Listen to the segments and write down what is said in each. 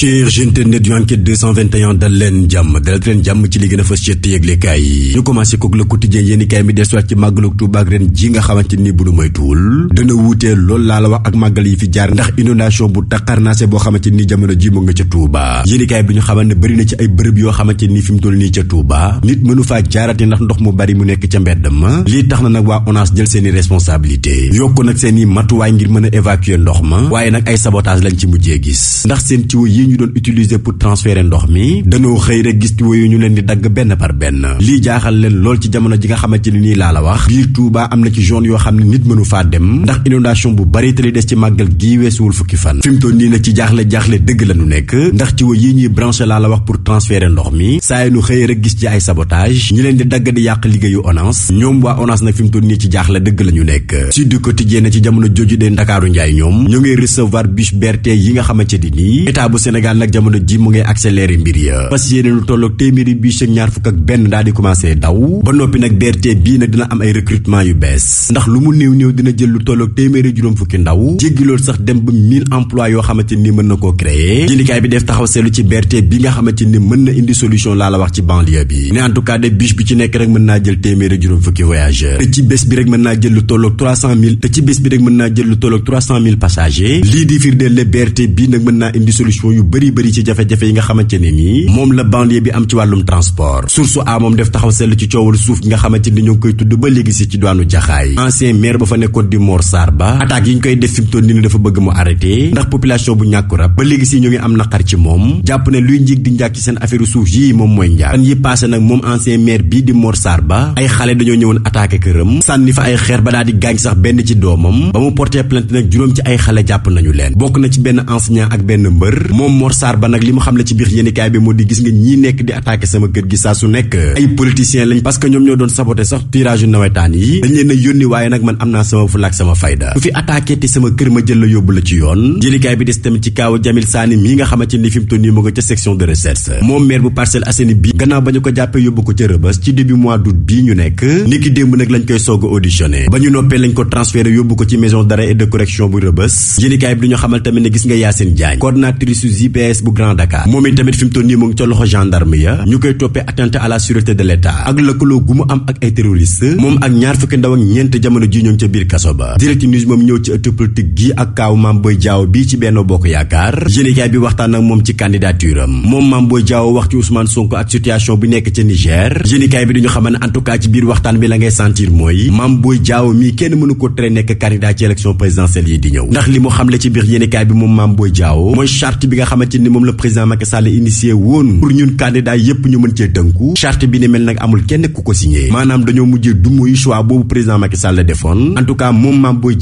chers internet yu enquête 221 dal leen a fës yi fi jaar ndax inondation bu taqarnaase boo xamante ni jamono ji mu nga ca Tuuba yéeni kaay bi na ci ay bërëb yoo xamante ni fi mu toll nii ca Tuuba nit mënu faa jaarati ndox mu bari mu nekk ca mbedd ma lii tax na nag waa ONAS jël seeni responsabilité yokk nag seeni matuwaay ngir mën a évacuer ndox ma waaye nag ay sabotage lañ ci mujjee gis ndax seen ci yi ñu doon utiliser pour transférer ndox mi dañoo xëy rek gis tuyaux yu ñu leen di dagg benn par benn lii jaaxal leen lool ci jamono ji nga xamante ni nii laa la wax biir Touba am na ci zone yoo xam ne nit mënu faa dem ndax inondation bu bari te li des ci màggal gii weesuwul fukki fan fi mu toll nii nag ci jaaxle jaaxle dëgg la ñu nekk ndax tuyaux yi ñuy branché laa la wax pour transférer ndox mi saa yi ñu gis ci ay sabotage ñi leen di dagg di yàq liggéeyu ONAS ñoom waa ONAS nag fi mu toll nii ci jaaxle dëgg la ñu nekk ci du quotidien ci jamono jooju de Ndakaaru Njaay ñoom ñoo ngi yi nga xamante ni Sénégal nag jamono ji mu ngi accéléré mbir ya fas yéene lu tolloog téeméeri bus ak ñaar fukk ndax lu mu néew néew dina jël lu tolloog téeméeri juróom fukki ndaw jéggi sax dem ba 1000 emploi yoo xamante ni mën na koo créer jëndikaay bi def taxaw seetlu ci BRT bi nga xamante ni mën na indi solution laa wax ci banlieue bi ne en tout bi ci nekk rek mën naa jël téeméeri juróom fukki voyageurs te ci bés bi rek mën naa jël lu tolloog te ci bés bi rek mën naa jël lu tolloog 300 000 passagers lii di firndeel ne BRT bii nag mën naa indi solution yu bëri bëri ci jafe-jafe yi nga xamante ne moom la banlieue bi am ci wàllum transport source a moom def taxaw seetlu suuf gi nga xamante ñoo koy tudd ba léegi si ci diwaanu fa nekkoon di Mor Sarr ba attaque yi ñu koy def fi mu toll nii dafa bëgg mu arrêté ndax population si ñu ngi am naqar ci moom jàpp ne luy njiig di njàkk ci seen affaire suuf yii moom mooy njaar fan yi passé nag moom ancien maire bii di Mor Sarr ba ay xale dañoo ñëwoon attaqué këram sànni fa ay xeer ba daal di gaañ sax benn ci doomam ba mu porté plainte nag juróom ci ay xale jàpp nañu leen bokk na ci benn enseignant ak benn mbër Mor Sarr ba nag li mu xam la ci biir yéenekaay bi moo di gis nga ñii nekk di attaqué sama kër gi saa su nekk ay politiciens lañ parce que ñoom ñoo doon saboté sax tirage nawetaan yi dañ leen a yónni waaye nag man am naa sama fulla sama fayda ku fi attaqué te sama kër ma jël la yóbbu la ci yoon yéenekaay bi des tamit ci kaaw Jamil Saani mii nga xamante ni fi mu toll mu nga ca section de recherche moom maire bu Parcelles Assainies bi gannaaw ba ñu ko a auditionné ba ñu noppee lañ ko transféré yóbbu ko ci maison d'arrêt et JPS bu Grand Dakar moom it tamit fi mu toll nii mu ngi ca loxo gendarme ya ñu koy toppee atteinte à la sûreté de l'État ak lëkkaloo gu mu am ak ay terroriste moom ak ñaar fukki ndaw ak ñeent jamono ji ñoo ca biir kaso ba direct news moom ñëw ci ëtt politique gi ak kaaw Mame Boye Diao bii ci Benno Bokk Yaakaar yéenekaay bi waxtaan ak moom ci candidature am moom Mame Boye Diao wax ci Ousmane Sonko ak situation bi nekk ca Niger yéenekaay bi dañu xamal ne en tout cas ci biir waxtaan bi la ngay sentir mooy Mame Boye Diao mii kenn mënu ko tere nekk candidat ci élection présidentielle yi di ñëw ndax li mu xamle ci biir yéenekaay bi moom Mame Boye Diao xamante ni moom la président Macky Sall initié woon pour ñun candidat yépp ñu mën kenn ku ko signé maanaam dañoo mujjee du mooy choix boobu président Macky Sall defoon moom Mame Boye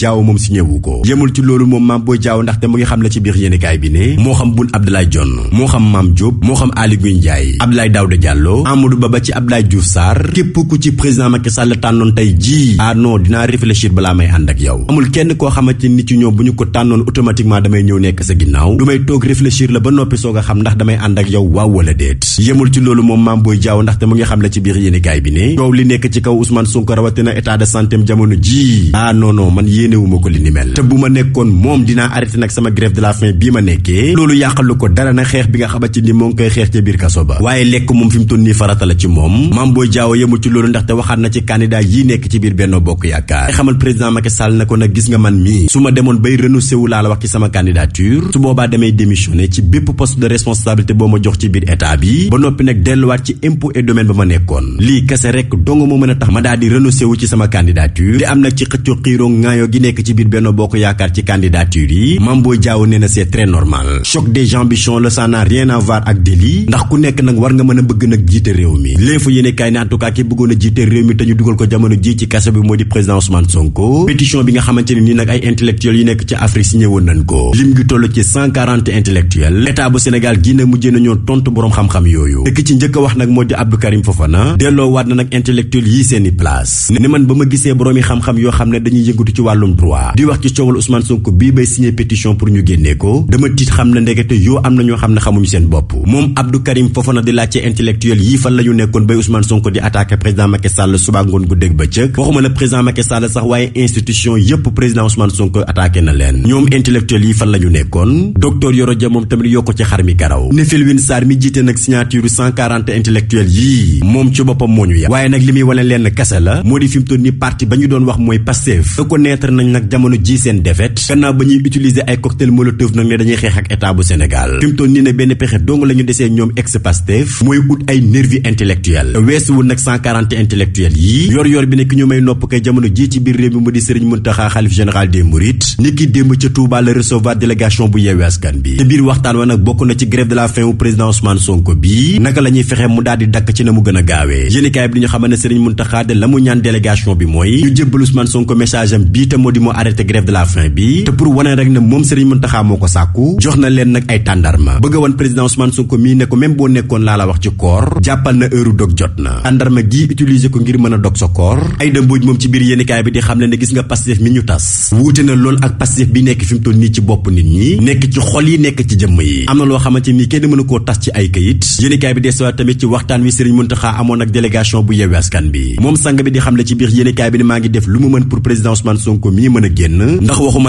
wu ko yemul loolu moom Mame Boye Diao ndaxte mu ngi xam la ci biir yéenekaay bi ne moo xam Boun Abdallah Dionne moo xam Mame Diop moo xam Aly Ngouille Ndiaye Abdoulaye Daouda Diallo Ba ba ci Abdoulaye Diouf Sarr képp ku ci président Macky Sall tànnoon tey jii ah non dinaa réfléchir balaa may ànd ak yow amul kenn koo xamante ni ci ñoom bu ñu ko tànnoon automatiquement damay ñëw nekk sa ginnaaw du toog réfléchir réfléchir la ba noppi soog a xam ndax damay ànd ak yow waaw wala déet yemul ci loolu moom Mame Boye Diao ndaxte mu ngi xam la ci biir yéenekaay bi ne coow li nekk ci ah ko li ni mel te moom dinaa arrêté nag sama grève de la faim bii ma na xeex ni moo xeex ca biir kaso ba waaye lekk moom fi mu toll nii farata la ci moom Mame Boye Diao yemul ci loolu ndaxte waxaat na ci candidat yi nekk ci biir Benno Bokk Yaakaar xamal président Macky Sall na ko nag gis nga man mii su ma demoon bay renoncer wu laa la wax ci sama candidature su boobaa damay démissionné ci bépp poste de responsabilité boo ma jox ci biir état bi ba noppi nag delluwaat ci impôt et domaine ba ma nekkoon lii kese rek dong moo mën a tax ma daal di renoncé wu ci sama candidature di am nag ci xëcco xiiroo ŋaayoo gi nekk ci biir Benno Bokk Yaakaar ci candidature yi Mame Boye Diao nee na c'est très normal choc des ambitions la ça rien à ak délit ndax ku nekk nag war nga mën a bëgg nag jiite réew mi léefu yéene kaay ne a jiite réew mi te ko jamono ji ci kaso bi moo di président Ousmane Sonko pétition bi nga xamante ne nii nekk ci Afrique signé woon nañ ko lim gi intellectuelle état bu Sénégal gi na mujjee nañoo tontu boroom xam-xam yooyu te ci njëkk wax nag moo di Abdou Karim delloo waat na nag intellectuel yii seeni place ne man ba ma gisee boroomi xam-xam yoo xam ne dañuy yëngatu ci wàllum droit di wax ci coowal Ousmane Sonko bii bay signé pétition pour ñu génnee ko dama tiit xam ne ndekete yoo am na ñoo xam ne xamuñu seen bopp moom Abdou Karim Fofana di laajte intellectuel yii fan la ñu nekkoon bay Ousmane Sonko di attaqué président Macky Sall la président Macky Sall tamit yokk ci xar mi karaw ne Felwine Sarr mi jiite nag signature cent yii moom ci boppam moo ñu yàq waaye nag li muy wane lenn kese la moo di fi mu toll ni parti ba ñu doon wax mooy Pastef reconnaître nañ nag jamono ji seen défaite gannaaw ba ñuy utiliser ay cocktail molotov nag ne dañuy xeex ak état bu Sénégal fi mu toll nii ne benn pexe dong la ñu desee ñoom ex Pastef mooy ut ay nervi intellectuel weesuwul nag cent quarante intellectuels yii yor bi ne ki ñu may ji ci biir réew mi mu di Serigne Mountakha bu Yewwi waxtaan wa nag bokk na ci grève de la faim wu président Ousmane Sonko bii naka la ñuy mu daal dakk ci na mu gën a gaawee bi di xamal ne Serigne Mountakha de la mu ñaan délégation bi mooy ñu jébbal Ousmane Sonko message am te moo di moo arrêté grève de la faim bi te pour wane rek ne moom Serigne Mountakha moo ko sàkku jox na leen nag ay tàndarma bëgg a président Ousmane Sonko mii ne ko même boo nekkoon laa la wax ci koor jàppal na heure dog jot na tàndarma jëmm am na loo xamante ni kenn mënu koo tas ci ay kayit yéenekaay bi desewaat tamit ci waxtaan wi Serigne Mountakha amoon ak délégation bu Yewwi kan bi moom sang bi di xamle ci biir yéenekaay maa ngi def lu mu mën pour président Ousmane Sonko mii mën a génn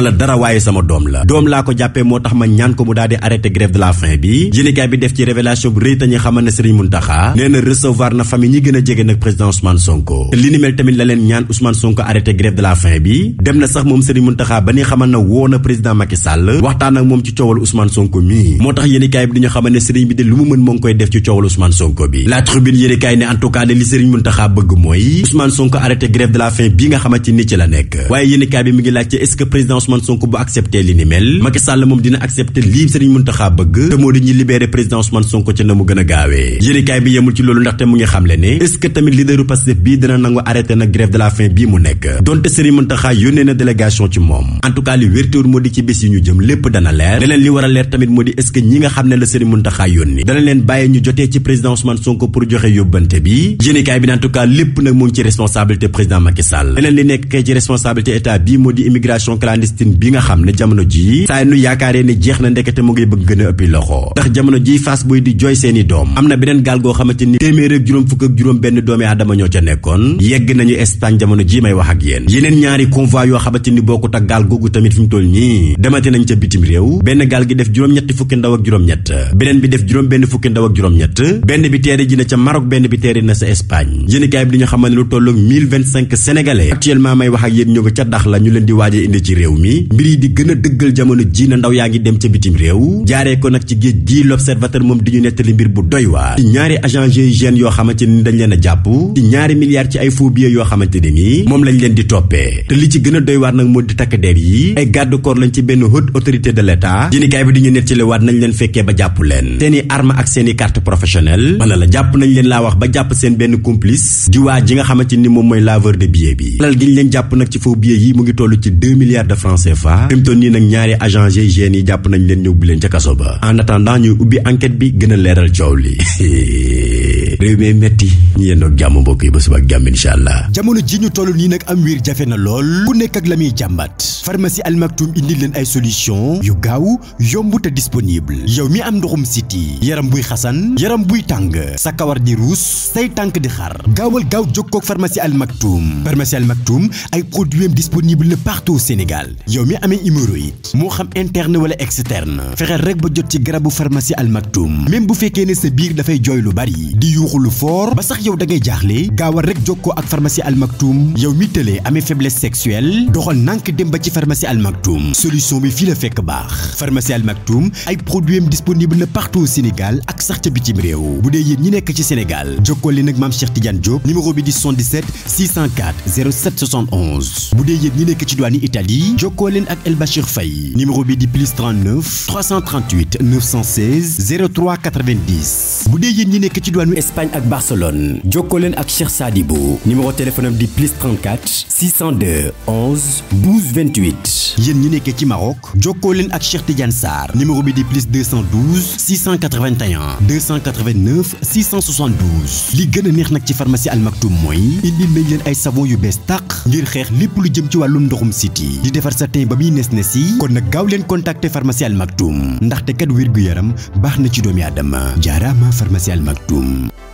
la dara waaye sama doom la doom laa ko jàppee moo tax ma ñaan ko mu daal di arrêté grève de la faim bi yéenekaay bi def ci révélation bu rëy tañu xamal ne Serigne Mountakha nee na na famille ñi gën a jege nag président Ousmane Sonko te li tamit la leen ñaan Ousmane Sonko arrêté grève de la faim bi dem na sax moom Serigne Mountakha ba ni xamal na woo président Macky waxtaan moom ci coowal Ousmane Sonko Sonko moo tax yéenekaay bi dañu xamal ne sëriñ bi de lu mu mën moo ngi koy def ci coowal Ousmane Sonko bi la tribune yéenekaay ne en tout cas de li bëgg mooy Ousmane Sonko arrêté grève de la faim bi nga nekk waaye yéenekaay bi mi ngi laajte est-ce que Sonko bu accepté li ni moom dina Sonko ci na mu ci loolu ndaxte mu ngi na grève de la faim bii yónnee na délégation ci moom en tout cas li tamit moo di est-ce que ñi nga xam ne la Serigne Mountakha yónni dana leen bàyyi ñu jotee ci président Ousmane Sonko pour joxe yóbbante bi yéenekaay bi en lépp nag mu ci responsabilité président Macky Sall leneen ci responsabilité état bii moo di immigration clandestine bi nga xam ne jamono ji saa nu yaakaaree ne jeex na ndekete mu ngi bëgg gën ëppi loxo ndax jamono ji Fass Boy di jooy seeni doom am na beneen gaal goo xamante ni téeméer ak juróom fukk ak juróom benn doomi aadama ñoo ca nekkoon yegg nañu Espagne jamono ji may ni bokkut ak gaal googu tamit fi mu juróom-ñetti fukki ndaw ak juróom-ñett beneen bi def juróom benn fukki ndaw ak juróom-ñett benn bi teere ji na ca Maroc benn bi teere na sa Espagne yéenekaay bi di ñu lu tolloog 1025 actuellement may wax ak yéen ñoo ca dax la ñu leen di waaje indi ci réew mi mbir yi di gën dëggal jamono ji na ndaw yaa ngi dem ca bitim réew jaaree ko nag ci géej gii l'observateur moom di ñu nettali mbir bu doy waa ci ñaari agent GIGN yoo xamante ni dañ leen a jàpp ci ñaari milliards ci ay faux yoo xamante ne ni moom lañ leen di toppee te li ci gën a doy waar nag moo di takk der yi benn haute autorité de l'État rëcëlewaat nañ leen fekkee ba jàpp leen seeni arme ak seeni carte professionnelle mën la jàpp nañ leen laa wax ba jàpp seen benn complice di waa ji nga xamante ni moom mooy laveur de billets bi alal gi ñu leen jàpp nag ci faux billets yi mu ngi toll ci 2 milliards de francs CFA fi mu toll nii nag ñaari agents GIGN yi jàpp nañ leen yóbbu leen ca kaso ba en attendant ñuy ubbi enquête bi gën a leeral coow li réew mi metti ñu yendoog jàmm mbokk yi ba suba ak jàmm incha allah jamono ji ñu toll nii nag am wiir jafe na lool ku nekk ak la muy jàmbat pharmacie Al Maktoum indi leen ay solution yu gaaw yomb te disponible yow mi am ndoxum siti yaram buy xasan yaram buy tàng sa kawar di ruus say tànk di xar gaawal gaaw jokkoog pharmacie Al Maktoum pharmacie Al Maktoum ay produit disponible na partout Sénégal yow mi amee hémorroïde moo xam interne wala externe fexeel rek ba jot ci garabu pharmacie Al Maktoum même bu fekkee ne sa dafay jooy lu bari da ngay jaaxle gaawal rek jokkoo ak pharmacie Al Maktoum yow mi tëlee amee faiblesse sexuelle doxal nànk dem ba ci pharmacie Al Maktoum solution bi fii la fekk baax pharmacie Al Maktoum ay produits am disponible na partout au Sénégal ak sax bu dee yéen ñi nekk ci Sénégal jokkoo leen ak maam Cheikh bi di 77 604 07 71 bu dee yéen ñi nekk ci diwaanu Italie jokkoo leen ak El Bachir bi di plus 39 338 916 03 90 bu dee yéen ñi nekk ci diwaanu Espagne Espagne ak Barcelone jokkoo leen ak Cheikh Sadibou numéro téléphone am di plus 34 602 11 12 28 yéen ñu nekkee ci Maroc jokkoo leen ak Cheikh Tidiane Sarr numéro bi di plus 212 681 289 672 li gën a neex nag ci pharmacie Al Maktoum mooy indi nañ leen ay savon yu bees tàq ngir xeex lépp lu jëm ci wàllum ndoxum siti di defar sa teint ba muy nes nes yi kon nag gaaw leen contacter pharmacie Al ndax ndaxte kat wér gu yaram baax na ci doomi aadama jaaraama pharmacie Al Maktoum